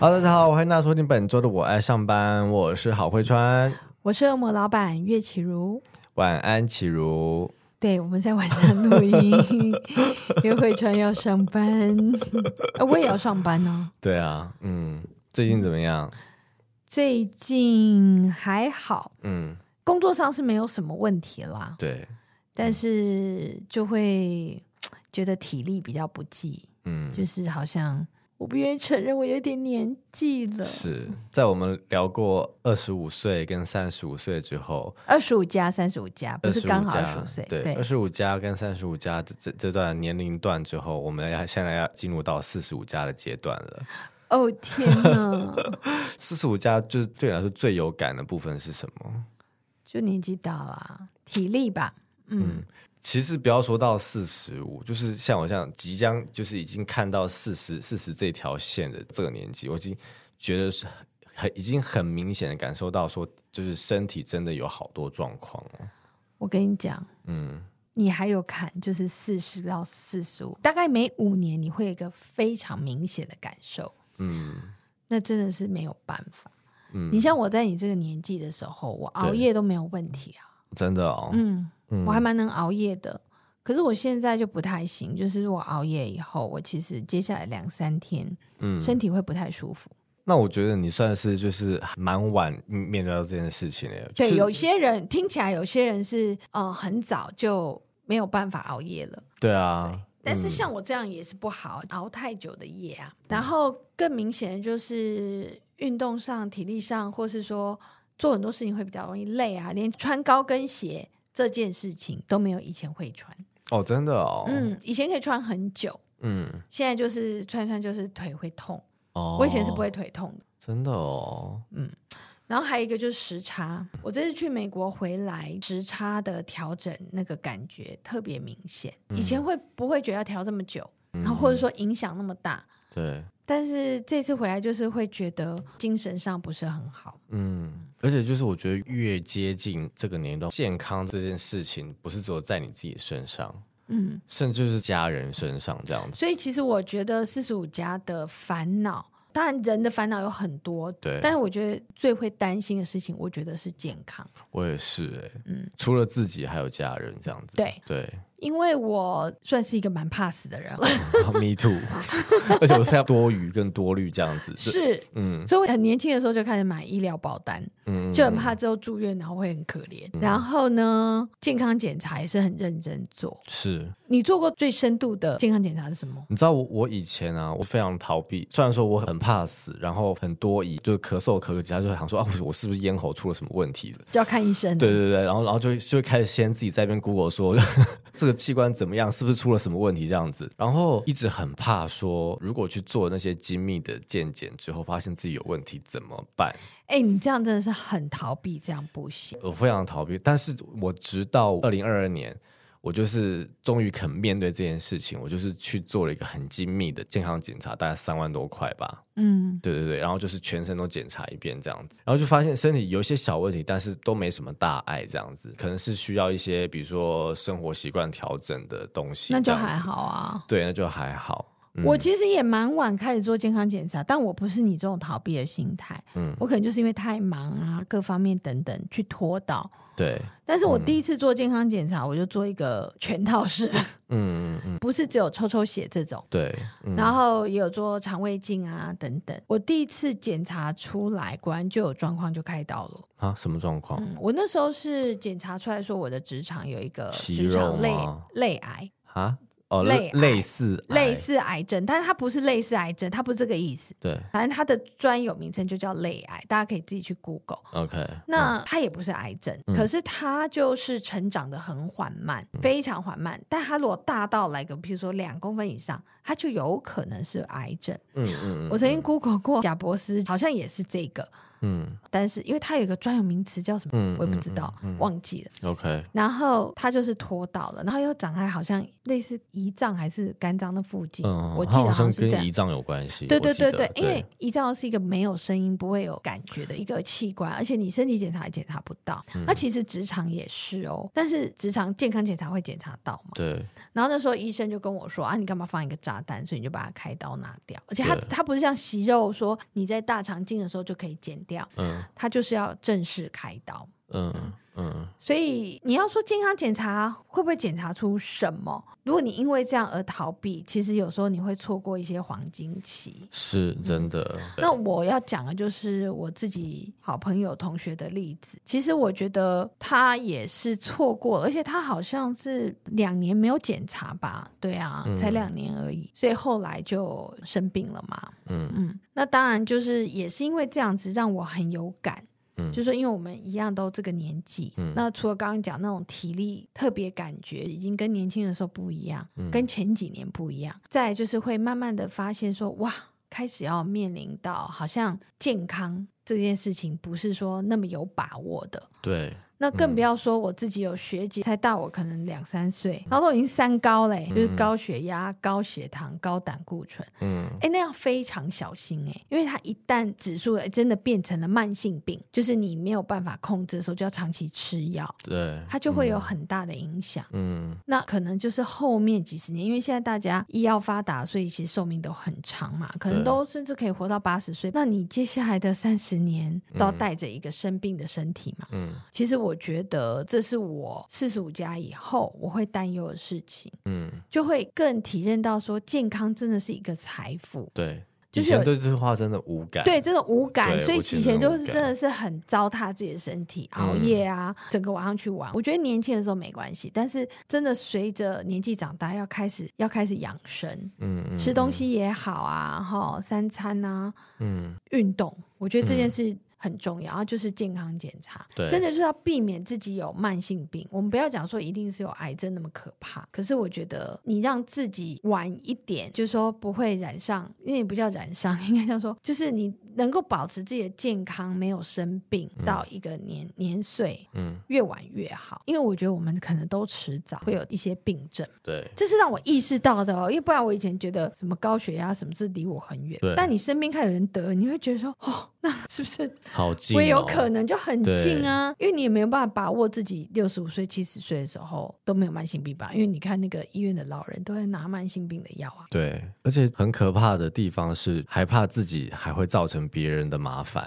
好的，大家好，歡迎大家收聽本周的《我愛上班》，我是郝慧川，我是惡魔老闆岳啟儒，晚安，啟儒。對，我們在晚上錄音，郝慧 川要上班，哦，我也要上班哦。對啊，嗯，最近怎麼樣？最近還好，嗯，工作上是沒有什麼問題啦，對，但是就會覺得體力比較不濟，嗯，就是好像。我不願意承認我有點年紀了，是在我們聊過二十五歲跟三十五歲之後，二十五加三十五加，不是剛好二十五歲？對，二十五加跟三十五加這這這段年齡段之後，我們要現在要進入到四十五加的階段了。哦、oh, 天哪！四十五加就是對你來說，最有感的部分是什麼？就年紀大了，體力吧。嗯。嗯其實不要說到四十五，就是像我這樣即將就是已經看到四十四十這條線的這個年紀，我已經覺得很已經很明顯的感受到說，就是身體真的有好多狀況了。我跟你講，嗯，你還有看，就是四十到四十五，大概每五年你會有一個非常明顯的感受，嗯，那真的是沒有辦法。嗯，你像我在你這個年紀的時候，我熬夜都沒有問題啊，真的哦，嗯。嗯、我還蠻能熬夜的，可是我現在就不太行，就是如果熬夜以後，我其實接下來兩三天，嗯，身體會不太舒服。嗯。那我覺得你算是就是蠻晚面對到這件事情的，就是，對，有些人聽起來，有些人是呃很早就沒有辦法熬夜了。對啊，對。但是像我這樣也是不好，嗯，熬太久的夜啊。然後更明顯的就是運動上、體力上，或是說做很多事情會比較容易累啊。連穿高跟鞋這件事情都沒有以前會穿哦，真的哦，嗯，以前可以穿很久，嗯，現在就是穿穿就是腿會痛哦，我以前是不會腿痛的，真的哦，嗯，然後還有一個就是時差，我這次去美國回來，時差的調整那個感覺特別明顯，以前會不會覺得要調這麼久，嗯，然後或者說影響那麼大？對，但是這次回來就是會覺得精神上不是很好，嗯，而且就是我覺得越接近這個年齡段，健康這件事情不是只有在你自己身上，嗯，甚至是家人身上這樣子。所以其實我覺得四十五加的煩惱，當然人的煩惱有很多，對，但是我覺得最會擔心的事情，我覺得是健康。我也是、欸，哎，嗯，除了自己還有家人這樣子，對對。對因為我算是一個蠻怕死的人了，嗯、 ，Me too。而且我非常多疑跟多慮這樣子， 是，嗯，所以我很年輕的時候就開始買醫療保單，嗯，就很怕之後住院然後會很可憐。嗯啊，然後呢，健康檢查也是很認真做。是，你做過最深度的健康檢查是什麼？你知道我我以前啊，我非常逃避。雖然說我很怕死，然後很多疑，就咳嗽咳個幾下就想說啊，我是不是咽喉出了什麼問題了？就要看醫生。對對對，然後然後就就會開始先自己在那邊 Google 說。 這個器官怎麼樣？是不是出了什麼問題？這樣子，然後一直很怕說，如果去做那些精密的健檢之後，發現自己有問題怎麼辦？哎、欸，你這樣真的是很逃避，這樣不行。我非常逃避，但是我直到二零二二年。我就是終於肯面對這件事情，我就是去做了一個很精密的健康檢查，大概三萬多塊吧。嗯，對對對，然後就是全身都檢查一遍這樣子，然後就發現身體有一些小問題，但是都沒什麼大礙，這樣子可能是需要一些比如說生活習慣調整的東西，那就還好啊。對，那就還好。我其實也蠻晚開始做健康檢查，但我不是你這種逃避的心態，嗯，我可能就是因為太忙啊，各方面等等去拖到。對。嗯、但是我第一次做健康檢查，我就做一個全套式的，嗯嗯嗯，嗯不是只有抽抽血這種。對。嗯、然後也有做腸胃鏡啊等等，我第一次檢查出來果然就有狀況就開刀了。啊？什麼狀況、嗯？我那時候是檢查出來說我的直腸有一個直腸類肉類癌。啊？哦、類類癌似類似癌症，癌症，但是它不是類似癌症，它不是這個意思。對，反正它的專有名稱就叫類癌，大家可以自己去 Google。OK，那它也不是癌症，嗯、可是它就是成長得很緩慢，嗯、非常緩慢。但它如果大到來個，比如說兩公分以上，它就有可能是癌症。嗯嗯，嗯我曾經 Google 過，賈伯斯好像也是這個。嗯，但是因為它有一個專有名詞叫什麼，我也不知道，忘記了。OK，然後它就是拖到了，然後又長在，好像類似胰臟還是肝臟的附近。嗯、我記得好像是這樣。跟胰臟有關係？對，對對對對，對因為胰臟是一個沒有聲音、不會有感覺的一個器官，而且你身體檢查也檢查不到。嗯、那其實直腸也是哦，但是直腸健康檢查會檢查到嘛？對。然後那時候醫生就跟我說：“啊，你幹嘛放一個炸彈？所以你就把它開刀拿掉。”而且它對它不是像息肉說，說你在大腸鏡的時候就可以檢。他就是要正式開刀，uh. 嗯，嗯，所以你要說健康檢查會不會檢查出什麼？如果你因為這樣而逃避，其實有時候你會錯過一些黃金期。是真的，嗯。那我要講的就是我自己好朋友同學的例子。對其實我覺得他也是錯過，而且他好像是兩年沒有檢查吧？對啊，才兩年而已，嗯，所以後來就生病了嘛。嗯嗯，那當然就是也是因為這樣子讓我很有感。嗯、就是說因為我們一樣都這個年紀，嗯、那除了剛剛講那種體力特別，感覺已經跟年輕的時候不一樣，嗯、跟前幾年不一樣。再就是會慢慢的發現說，哇，開始要面臨到好像健康這件事情不是說那麼有把握的。對。那更不要說我自己有學姐，才大我可能兩三歲，嗯、然後都已經三高嘞，嗯、就是高血壓、嗯、高血糖、高膽固醇。嗯，哎，那樣非常小心哎，因為它一旦指數真的變成了慢性病，就是你沒有辦法控制的時候，就要長期吃藥。對，它就會有很大的影響。嗯，那可能就是後面幾十年，因為現在大家醫藥發達，所以其實壽命都很長嘛，可能都甚至可以活到八十歲。對那你接下來的三十年都要帶着一個生病的身體嘛？嗯，其實我。我覺得這是我四十五加以後我會擔憂的事情，嗯，就會更體認到說健康真的是一個財富，對，就是對這句話真的無感，對真的無感，對所以以前就是真的是很糟蹋自己的身體，熬夜啊，嗯、整個晚上去玩。我覺得年輕的時候沒關係，但是真的隨着年紀長大，要開始要開始養生，嗯，嗯吃東西也好啊，哈，三餐啊，嗯，運動，我覺得這件事、嗯。很重要，然後就是健康檢查，對真的是要避免自己有慢性病。我們不要講說一定是有癌症那麼可怕，可是我覺得你讓自己晚一點，就是說不會染上，因為也不叫染上，應該這樣說，就是你。能夠保持自己的健康，沒有生病到一個年年歲，嗯，越晚越好。因為我覺得我們可能都遲早會有一些病症。對，這是讓我意識到的，哦。因為不然我以前覺得什麼高血壓什麼，是離我很遠。對但你身邊看有人得，你會覺得說哦，那是不是好近、哦？我也有可能就很近啊，對因為你也沒有辦法把握自己六十五歲、七十歲的時候都沒有慢性病吧？因為你看那個醫院的老人都會拿慢性病的藥啊。對，而且很可怕的地方是，害怕自己還會造成病。別人的麻煩。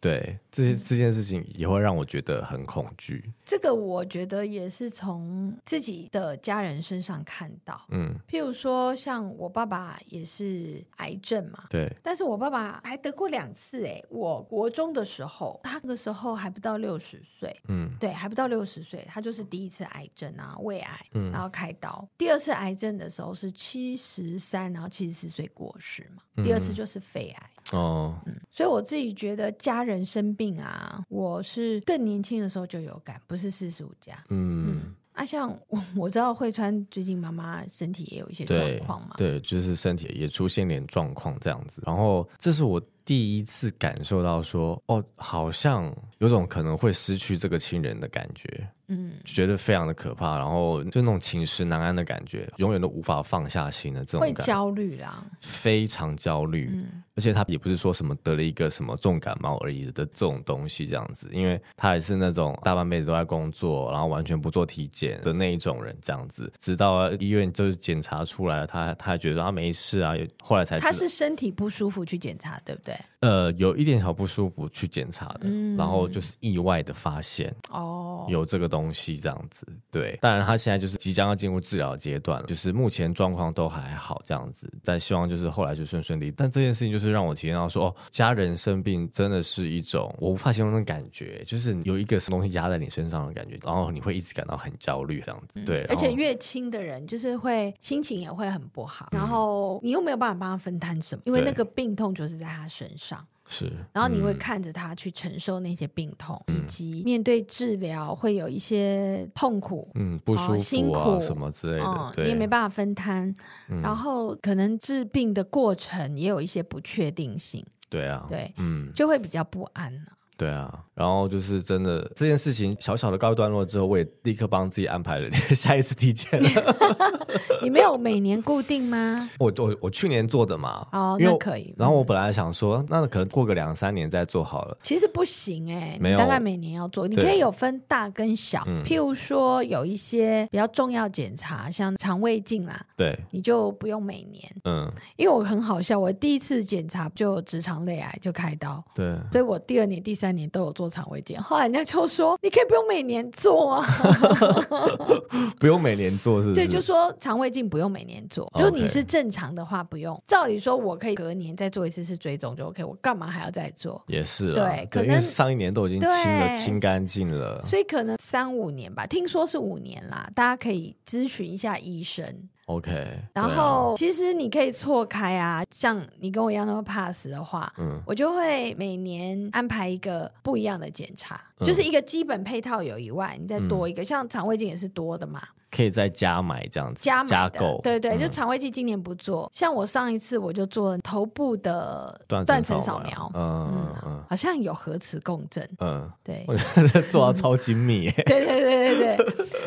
對、嗯、這這件事情也會讓我覺得很恐懼。這個我覺得也是從自己的家人身上看到，嗯，譬如說像我爸爸也是癌症嘛，對。但是我爸爸還得過兩次，欸，哎，我國中的時候，他那個時候還不到六十歲，嗯，對，還不到六十歲，他就是第一次癌症啊，然後胃癌，然後開刀。嗯，第二次癌症的時候是七十三，然後七十四歲過世嘛，嗯，第二次就是肺癌哦，嗯，所以我自己覺得。家人生病啊，我是更年輕的時候就有感，不是四十五加。嗯，嗯，啊像，像我，我知道慧川最近媽媽身體也有一些狀況對嘛，對，就是身體也出現點狀況這樣子，然後這是我。第一次感受到說，哦，好像有種可能會失去這個親人的感覺，嗯，覺得非常的可怕，然後就那種寢食難安的感覺，永遠都無法放下心的這種。會焦慮啦，非常焦慮，嗯、而且他也不是說什麼得了一個什麼重感冒而已的這種東西這樣子，因為他也是那種大半輩子都在工作，然後完全不做體檢的那一種人這樣子，直到醫院就是檢查出來了，他他還覺得說他、啊、沒事啊，也後來才他是身體不舒服去檢查，對不對？呃，有一點小不舒服，去檢查的，嗯、然後就是意外的發現哦，有這個東西這樣子。對，當然他現在就是即將要進入治療階段了，就是目前狀況都還好這樣子，但希望就是後來就順順利。但這件事情就是讓我體驗到說，哦、家人生病真的是一種我無法形容的感覺，就是有一個什麼東西壓在你身上的感覺，然後你會一直感到很焦慮這樣子。嗯、對，而且越親的人就是會心情也會很不好，嗯、然後你又沒有辦法幫他分擔什麼，因為那個病痛就是在他身上。上是，嗯、然後你會看着他去承受那些病痛，嗯、以及面對治療會有一些痛苦，嗯，不舒服、啊、呃、辛苦什麼之類的，嗯、對你也沒辦法分攤。嗯、然後可能治病的過程也有一些不確定性，對啊，對，嗯，就會比較不安了對啊，然後就是真的這件事情小小的告一段落之後，我也立刻幫自己安排了下一次體檢了。你沒有每年固定嗎？我我我去年做的嘛。哦，那可以。然後我本來想說，那可能過個兩三年再做好了。其實不行哎，你大概每年要做。你可以有分大跟小，譬如說有一些比較重要檢查，像腸胃鏡啦，對，你就不用每年。嗯，因為我很好笑，我第一次檢查就直腸類癌就開刀。對，所以我第二年第三。年都有做腸胃鏡，後來人家就說，你可以不用每年做啊，不用每年做是不是？對，就說腸胃鏡不用每年做，Okay. 如果你是正常的話，不用。照理說，我可以隔年再做一次是追蹤就 OK，我幹嘛還要再做？也是，對，可能上一年都已經清了，對，清乾淨了，所以可能三五年吧，聽說是五年啦，大家可以諮詢一下醫生。OK，然後、啊、其實你可以錯開啊，像你跟我一樣那麼怕死的話，嗯，我就會每年安排一個不一樣的檢查，嗯、就是一個基本配套有以外，你再多一個，嗯、像腸胃鏡也是多的嘛。可以再加買這樣子，加買的，加購，對對，就腸胃鏡今年不做。像我上一次我就做了頭部的斷層掃描，嗯，好像有核磁共振，嗯，對，做得超精密，對對對對對。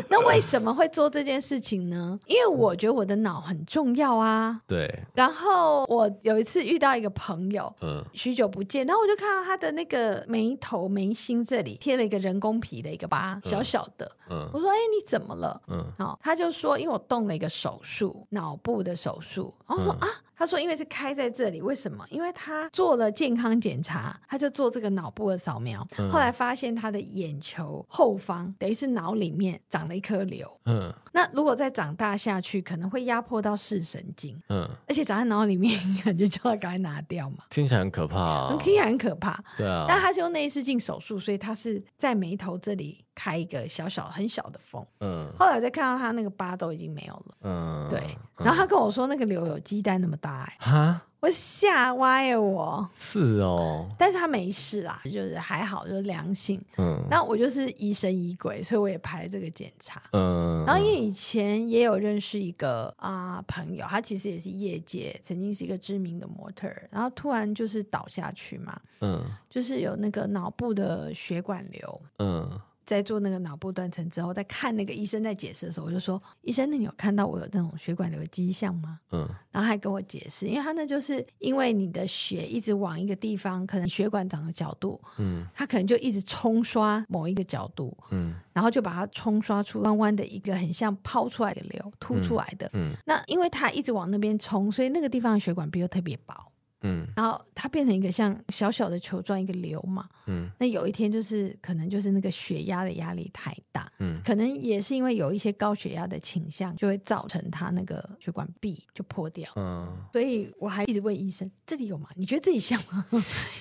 那為什麼會做這件事情呢？因為我覺得我的腦很重要啊。對。然後我有一次遇到一個朋友，嗯，許久不見，然後我就看到他的那個眉頭眉心這裡貼了一個人工皮的一個疤，小小的。嗯，我說：“哎，你怎麼了？”嗯。哦，他就說，因為我動了一個手術，腦部的手術，然後說啊。嗯他說：“因為是開在這裡，為什麼？因為他做了健康檢查，他就做這個腦部的掃描，後來發現他的眼球後方，嗯、等於是腦裡面長了一顆瘤。嗯，那如果再長大下去，可能會壓迫到視神經。嗯，而且長在腦裡面，你感覺就就會趕快拿掉嘛。聽起,哦、聽起來很可怕，聽起來很可怕。對啊，但他是用內視鏡手術，所以他是在眉頭這裡開一個小小很小的縫。嗯，後來我再看到他那個疤都已經沒有了。嗯，對。然後他跟我說，那個瘤有雞蛋那麼大。”哈我嚇歪了我。我是哦，但是他沒事啦，就是還好，就是良性。嗯，那我就是疑神疑鬼，所以我也拍這個檢查。嗯，然後因為以前也有認識一個啊、呃、朋友，他其實也是業界，曾經是一個知名的模特兒，然後突然就是倒下去嘛，嗯，就是有那個腦部的血管瘤，嗯。在做那個腦部斷層之後，在看那個醫生在解釋的時候，我就說：“醫生，那你有看到我有這種血管瘤的跡象嗎？”嗯，然後還跟我解釋，因為他那就是因為你的血一直往一個地方，可能血管長的角度，嗯，他可能就一直沖刷某一個角度，嗯，然後就把它沖刷出彎彎的一個很像拋出來的瘤，凸出來的。嗯，嗯，那因為他一直往那邊沖，所以那個地方的血管壁又特別薄。嗯，然後它變成一個像小小的球狀一個瘤嘛，嗯，那有一天就是可能就是那個血壓的壓力太大，嗯，可能也是因為有一些高血壓的傾向，就會造成它那個血管壁就破掉，嗯，所以我還一直問醫生，這裡有嗎？你覺得這裡像嗎？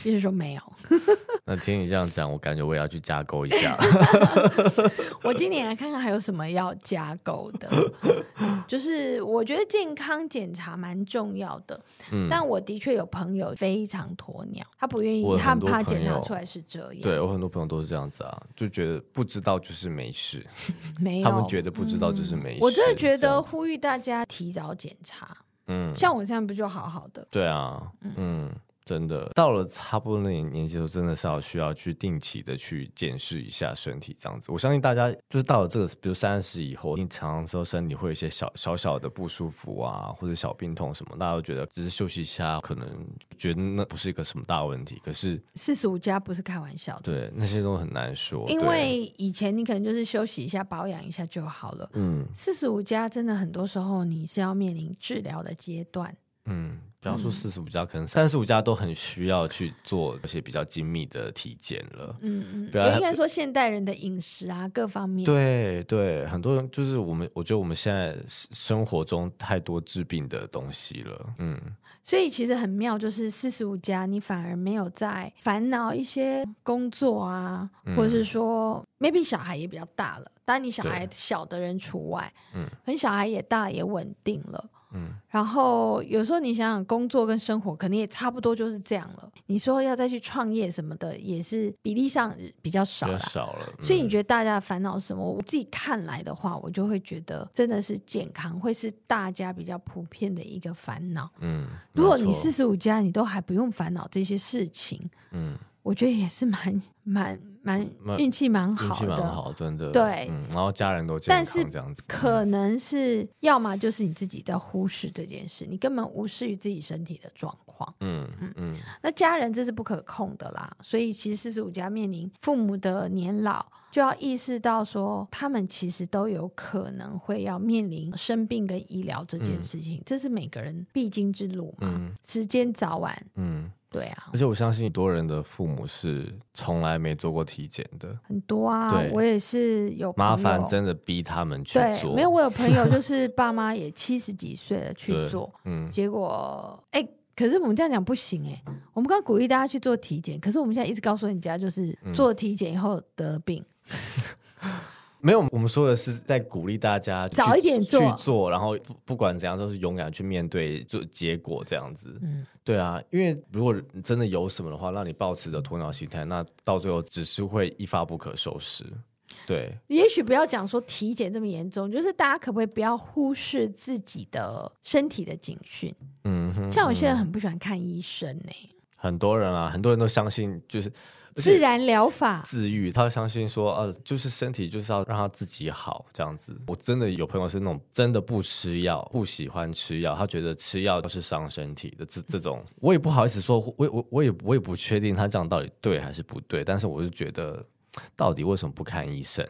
醫 生說沒有。 那聽你這樣講，我感覺我也要去加購一下。 我今年來看看還有什麼要加購的，嗯，就是我覺得健康檢查蠻重要的。嗯，但我的確有朋友非常鴕鳥，他不願意，他怕檢查出來是這樣。對，我很多朋友都是這樣子啊，就覺得不知道就是沒事，沒有他們覺得不知道就是沒事。嗯，我就是覺得呼籲大家提早檢查。嗯，像我現在不就好好的？對啊，嗯。嗯真的到了差不多那年紀時候，真的是要需要去定期的去檢視一下身體，這樣子。我相信大家就是到了這個，比如三十以後，經常說身體會有一些小小小的不舒服啊，或者小病痛什麼，大家都覺得只是休息一下，可能覺得那不是一個什麼大問題。可是四十五加不是開玩笑的，對，那些都很難說。因為對以前你可能就是休息一下，保養一下就好了。嗯，四十五加真的很多時候你是要面臨治療的階段。嗯。比方說四十五加可能三十五加都很需要去做一些比較精密的體檢了，嗯嗯，不要也應該說現代人的飲食啊，各方面，對對，很多人就是我們，我覺得我們現在生活中太多治病的東西了，嗯，所以其實很妙，就是四十五加你反而沒有在煩惱一些工作啊，嗯、或者是說 maybe 小孩也比較大了，當然你小孩小的人除外，嗯，很小孩也大也穩定了。嗯，然後有時候你想想，工作跟生活可能也差不多就是這樣了。你說要再去創業什麼的，也是比例上比較少了。少了，所以你覺得大家的煩惱是什麼？我自己看來的話，我就會覺得真的是健康會是大家比較普遍的一個煩惱。嗯，如果你四十五加，你都還不用煩惱這些事情，嗯，我覺得也是蠻蠻。蠻運氣蠻好的，運氣蠻好，真的對、嗯。然後家人都健康這樣子，但是可能是要麼就是你自己在忽視這件事，你根本無視於自己身體的狀況。嗯嗯嗯。那家人這是不可控的啦，所以其實四十五家面臨父母的年老，就要意識到說，他們其實都有可能會要面臨生病跟醫療這件事情，嗯、這是每個人必經之路嘛。嗯、時間早晚。嗯。對啊，而且我相信多人的父母是從來沒做過體檢的，很多啊。對，我也是有麻煩，真的逼他們去做。沒有，我有朋友是就是爸媽也七十幾歲了 去做，嗯，結果哎、欸，可是我們這樣講不行哎、欸，嗯、我們剛剛鼓勵大家去做體檢，可是我們現在一直告訴人家就是做體檢以後得病。嗯 沒有，我們說的是在鼓勵大家早一點做去做，然後不不管怎樣都是勇敢去面對做結果這樣子。嗯，對啊，因為如果你真的有什麼的話，讓你保持着鴕鳥心態，那到最後只是會一發不可收拾。對，也許不要講說體檢這麼嚴重，就是大家可不可以不要忽視自己的身體的警訊嗯哼，像我現在很不喜歡看醫生呢、欸。嗯嗯、很多人啊，很多人都相信就是。自然療法，自癒，他相信說，呃，就是身體就是要讓他自己好這樣子。我真的有朋友是那種真的不吃藥，不喜歡吃藥，他覺得吃藥都是傷身體的這。這這種，我也不好意思說，我我我也我也不確定他這樣到底對還是不對，但是我就覺得。到底為什麼不看醫生？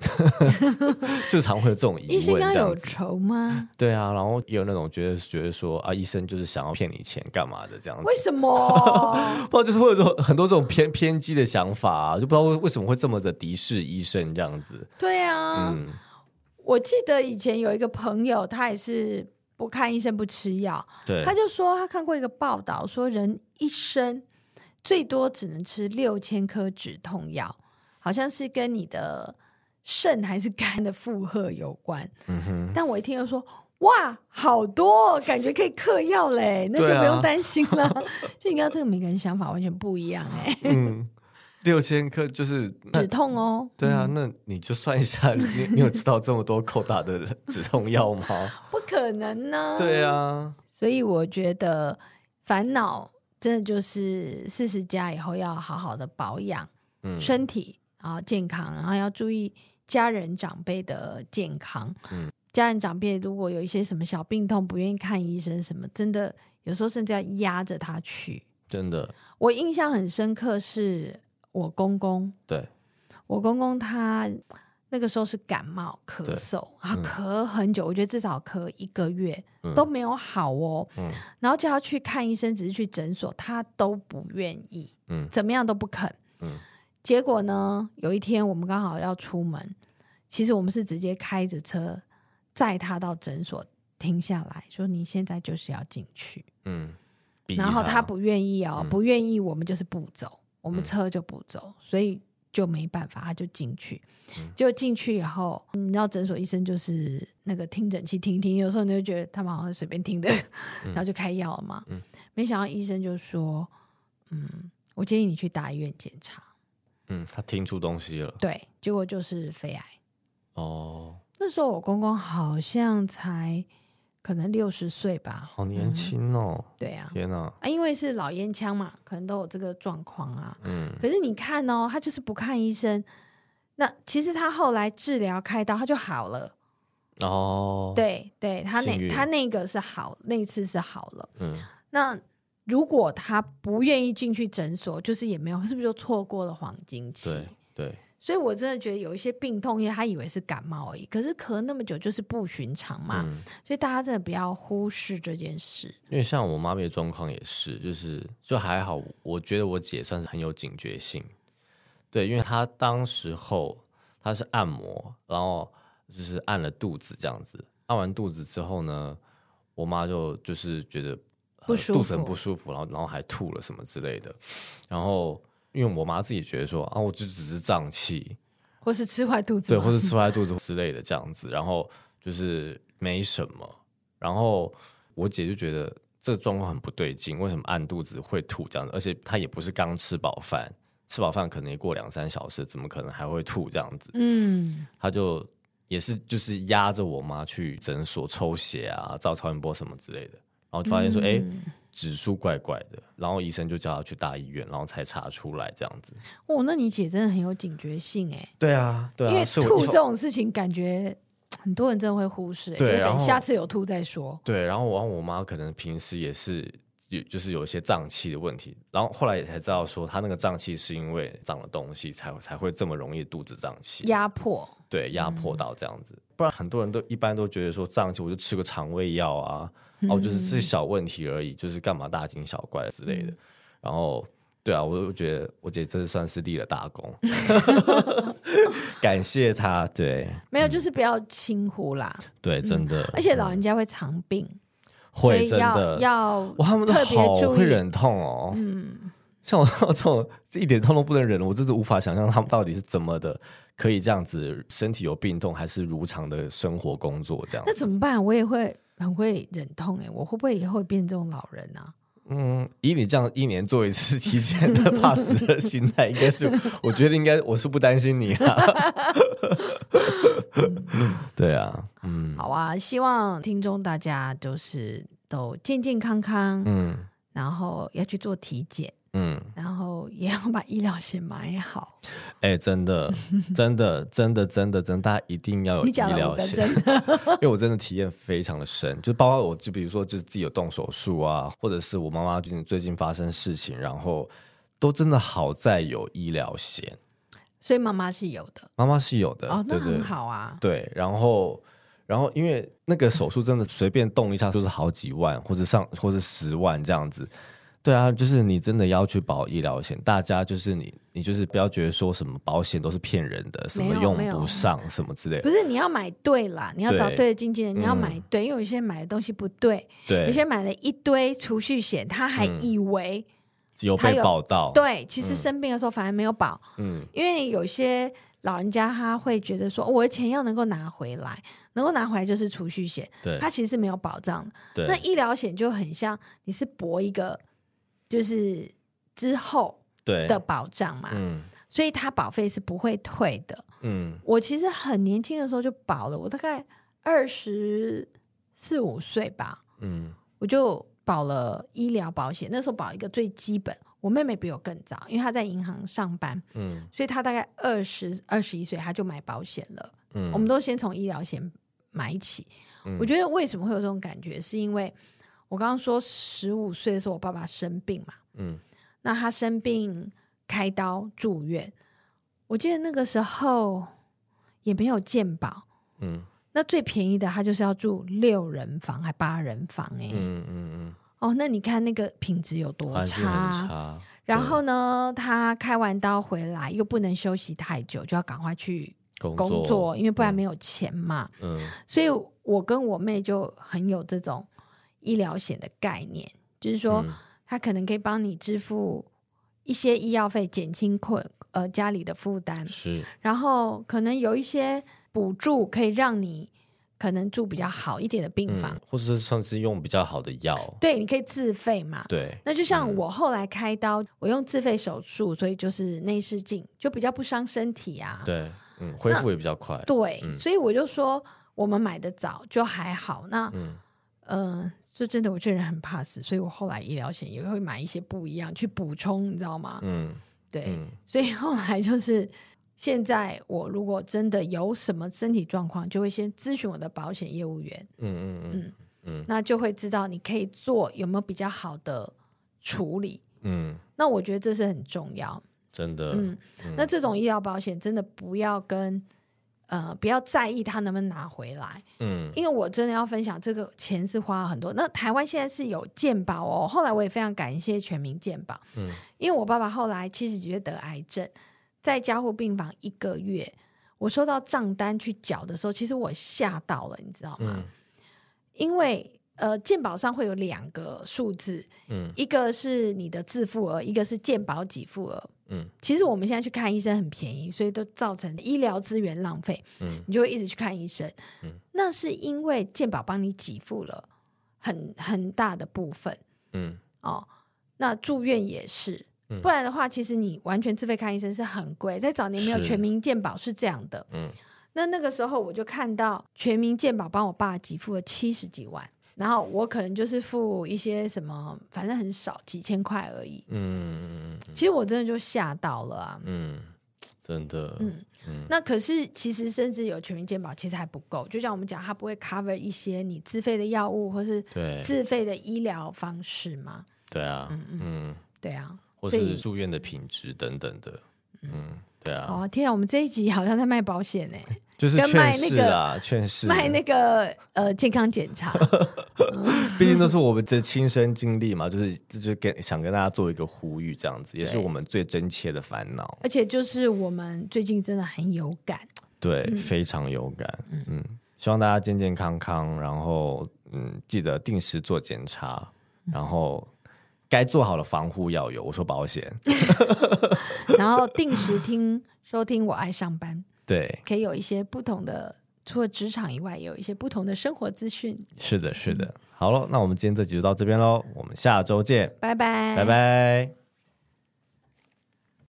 就常會有這種疑問， 醫生跟他有仇嗎？對啊，然後也有那種覺得覺得說啊，醫生就是想要騙你錢幹嘛的這樣子。為什麼？ 不知道就是會有很多這種偏偏激的想法啊，就不知道為什麼會這麼的敵視醫生這樣子。對啊，嗯，我記得以前有一個朋友，他也是不看醫生不吃藥，對他就說他看過一個報道，說人一生最多只能吃六千顆止痛藥。好像是跟你的腎還是肝的負荷有關，嗯、哼但我一聽又說，哇，好多，感覺可以嗑藥嘞，那就不用擔心了。對啊、 就應該這個每個人想法完全不一樣哎、欸。嗯，六千克就是止痛哦，對啊。那你就算一下，嗯，你，你有吃到這麼多扣打的止痛藥嗎？ 不可能呢。對啊。所以我覺得煩惱真的就是四十加以後要好好的保養，嗯、身體。啊，然後健康，然後要注意家人長輩的健康。嗯、家人長輩如果有一些什麽小病痛，不願意看醫生，什麽真的有時候甚至要壓着他去。真的，我印象很深刻，是我公公。對，我公公他那個時候是感冒咳嗽，他對咳很久，嗯、我覺得至少咳一個月、嗯、都沒有好哦。嗯、然後叫他去看醫生，只是去診所，他都不願意。嗯，怎麼樣都不肯。嗯結果呢？有一天我們剛好要出門，其實我們是直接開着車載他到診所停下來說：“你現在就是要進去。”嗯。然後他不願意哦，嗯、不願意，我們就是不走，我們車就不走，嗯、所以就沒辦法，他就進去。就、嗯、進去以後，你知道診所醫生就是那個聽診器聽聽，有時候你就覺得他們好像隨便聽的，嗯、然後就開藥了嘛。嗯、沒想到醫生就說：“嗯，我建議你去大醫院檢查。”嗯，他聽出東西了。對，結果就是肺癌。哦，那時候我公公好像才可能六十歲吧，嗯、好年輕哦。對啊，天哪啊，因為是老煙槍嘛，可能都有這個狀況啊。嗯，可是你看哦，他就是不看醫生。那其實他後來治療開刀，他就好了。哦，對對，他那，幸運，他那個是好，那一次是好了。嗯，那。如果他不願意進去診所，就是也沒有，是不是就錯過了黃金期？對，對，所以我真的覺得有一些病痛，因為他以為是感冒而已，可是咳那麼久就是不尋常嘛，嗯，所以大家真的不要忽視這件事。因為像我媽咪的狀況也是，就是就還好，我覺得我姐算是很有警覺性，對，因為她當時候她是按摩，然後就是按了肚子這樣子，按完肚子之後呢，我媽就就是覺得。不舒服，肚子很不舒服，然後然後還吐了什麼之類的，然後因為我媽自己覺得說啊，我就只是脹氣，或是吃壞肚子，對，或是吃壞肚子之類的這樣子，然後就是沒什麼，然後我姐就覺得這個、狀況很不對勁，為什麼按肚子會吐這樣子？而且她也不是剛吃飽飯，吃飽飯可能也過兩三小時，怎麼可能還會吐這樣子？嗯，她就也是就是壓着我媽去診所抽血啊，照超音波什麼之類的。然後就發現說，哎、嗯欸，指數怪怪的，然後醫生就叫他去大醫院，然後才查出來這樣子。哦，那你姐真的很有警覺性哎、對啊。對啊，因為吐這種事情，感覺很多人真的會忽視、欸，對就等下次有吐再說。對，然後我我媽可能平時也是有，就是有一些脹氣的問題，然後後來也才知道說，她那個脹氣是因為長了東西才會才會這麼容易肚子脹氣，壓迫。對，壓迫到這樣子。嗯很多人都一般都覺得說脹氣我就吃個腸胃藥啊，嗯、哦，就是這小問題而已，就是幹嘛大驚小怪之類的。然後，對啊，我就覺得我姐真的算是立了大功， 感謝她。對，沒有，就是不要輕忽啦、嗯。對，真的，嗯、而且老人家會藏病，會、嗯、真的要他們都好特別注意會忍痛哦，嗯。像我這種一點痛，都不能忍，我真是無法想象他們到底是怎麼的可以這樣子，身體有病痛還是如常的生活工作這樣。那怎麼辦？我也會很會忍痛，欸、我會不會以後變這種老人呢？啊？嗯，以你這樣一年做一次體檢的怕死的心態， 應該是我覺得應該我是不擔心你啊。 對啊，嗯，好啊，希望聽眾大家就是都健健康康，嗯，然後要去做體檢。嗯，然後也要把醫療險買好。哎、欸，真的，真的，真的，真的真的，大家一定要有醫療險。 因為我真的體驗非常的深，就是、包括我就比如說，就是自己有動手術啊，或者是我媽媽最近最近發生事情，然後都真的好在有醫療險。所以媽媽是有的，媽媽是有的哦，對對好啊。對，然後，然後因為那個手術真的隨便動一下就是好幾萬， 或者上，或者十萬這樣子。對啊，就是你真的要去保醫療險，大家就是你，你就是不要覺得說什麼保險都是騙人的，什麼用不上，什麼之類的。不是，你要買對啦，你要找對的經紀人，嗯、你要買對，因為有些人買的東西不對，對，有些人買了一堆儲蓄險，他還以為有，有被保到。對，其實生病的時候反而沒有保。嗯，因為有些老人家他會覺得說，我的錢要能夠拿回來，能夠拿回來就是儲蓄險。對，他其實是沒有保障的。對，那醫療險就很像，你是搏一個。就是之後的保障嘛，嗯，所以他保費是不會退的，嗯，我其實很年輕的時候就保了，我大概二十四五歲吧，嗯，我就保了醫療保險，那時候保一個最基本。我妹妹比我更早，因為她在銀行上班，嗯，所以她大概二十、二十一歲，她就買保險了，嗯，我們都先從醫療險買起，嗯，我覺得為什麼會有這種感覺，是因為。我剛剛說十五歲的時候，我爸爸生病嘛，嗯，那他生病開刀住院，我記得那個時候也沒有健保，嗯，那最便宜的他就是要住六人房還八人房哎、欸嗯，嗯嗯嗯，哦，那你看那個品質有多差，差，然後呢，嗯、他開完刀回來又不能休息太久，就要趕快去工作，工作因為不然沒有錢嘛，嗯，嗯所以我跟我妹就很有這種。醫療險的概念就是說，它、嗯、可能可以幫你支付一些醫藥費，減輕困呃家裡的負擔。是，然後可能有一些補助，可以讓你可能住比較好一點的病房，嗯、或者是算是用比較好的藥。對，你可以自費嘛。對，那就像我後來開刀，嗯、我用自費手術，所以就是內視鏡，就比較不傷身體啊。對，嗯，恢復也比較快。對，嗯、所以我就說，我們買得早就還好。那，嗯。呃就真的，我這人很怕死，所以我後來醫療險也會買一些不一樣去補充，你知道嗎？嗯、對，嗯、所以後來就是，現在我如果真的有什麼身體狀況，就會先諮詢我的保險業務員。嗯嗯嗯嗯，嗯嗯那就會知道你可以做，有沒有比較好的處理。嗯，嗯，那我覺得這是很重要，真的。嗯，嗯，那這種醫療保險真的不要跟。呃，不要在意他能不能拿回來，嗯，因為我真的要分享這個錢是花了很多。那台灣現在是有健保哦，後來我也非常感謝全民健保，嗯，因為我爸爸後來七十幾歲得癌症，在加護病房一個月，我收到賬單去繳的時候，其實我嚇到了，你知道嗎？嗯，因為。呃，健保上會有兩個數字，嗯，一個是你的自付額，一個是健保給付額，嗯，其實我們現在去看醫生很便宜，所以都造成醫療資源浪費，嗯，你就會一直去看醫生，嗯，那是因為健保幫你給付了很很大的部分，嗯，哦，那住院也是，嗯，不然的話，其實你完全自費看醫生是很貴，在早年沒有全民健保是這樣的，嗯，那那個時候我就看到全民健保幫我爸給付了七十幾萬。然後我可能就是付一些什麼，反正很少幾千塊而已。嗯，其實我真的就嚇到了啊。嗯，真的。嗯嗯。嗯，那可是，其實甚至有全民健保，其實還不夠。就像我們講，它不會 cover 一些你自費的藥物，或是對自費的醫療方式嗎？對，嗯、對啊，嗯嗯，嗯對啊，或是住院的品質等等的。所以嗯，嗯，對啊。哦、啊、天啊，我們這一集好像在賣保險呢、欸。就是勸世啊，勸世。賣那個釋賣、那個、呃健康檢查， 嗯、畢竟都是我們的親身經歷嘛，就是這就跟、是、想跟大家做一個呼籲，這樣子、欸、也是我們最真切的煩惱。而且就是我們最近真的很有感，對，嗯、非常有感。嗯，希望大家健健康康，然後嗯記得定時做檢查，嗯、然後該做好的防護要有，我說保險。 然後定時聽收聽我愛上班。對，可以有一些不同的，除了職場以外，也有一些不同的生活資訊。是的，是的。好了，那我們今天這集就到這邊嘍，我們下周見，拜拜，拜拜。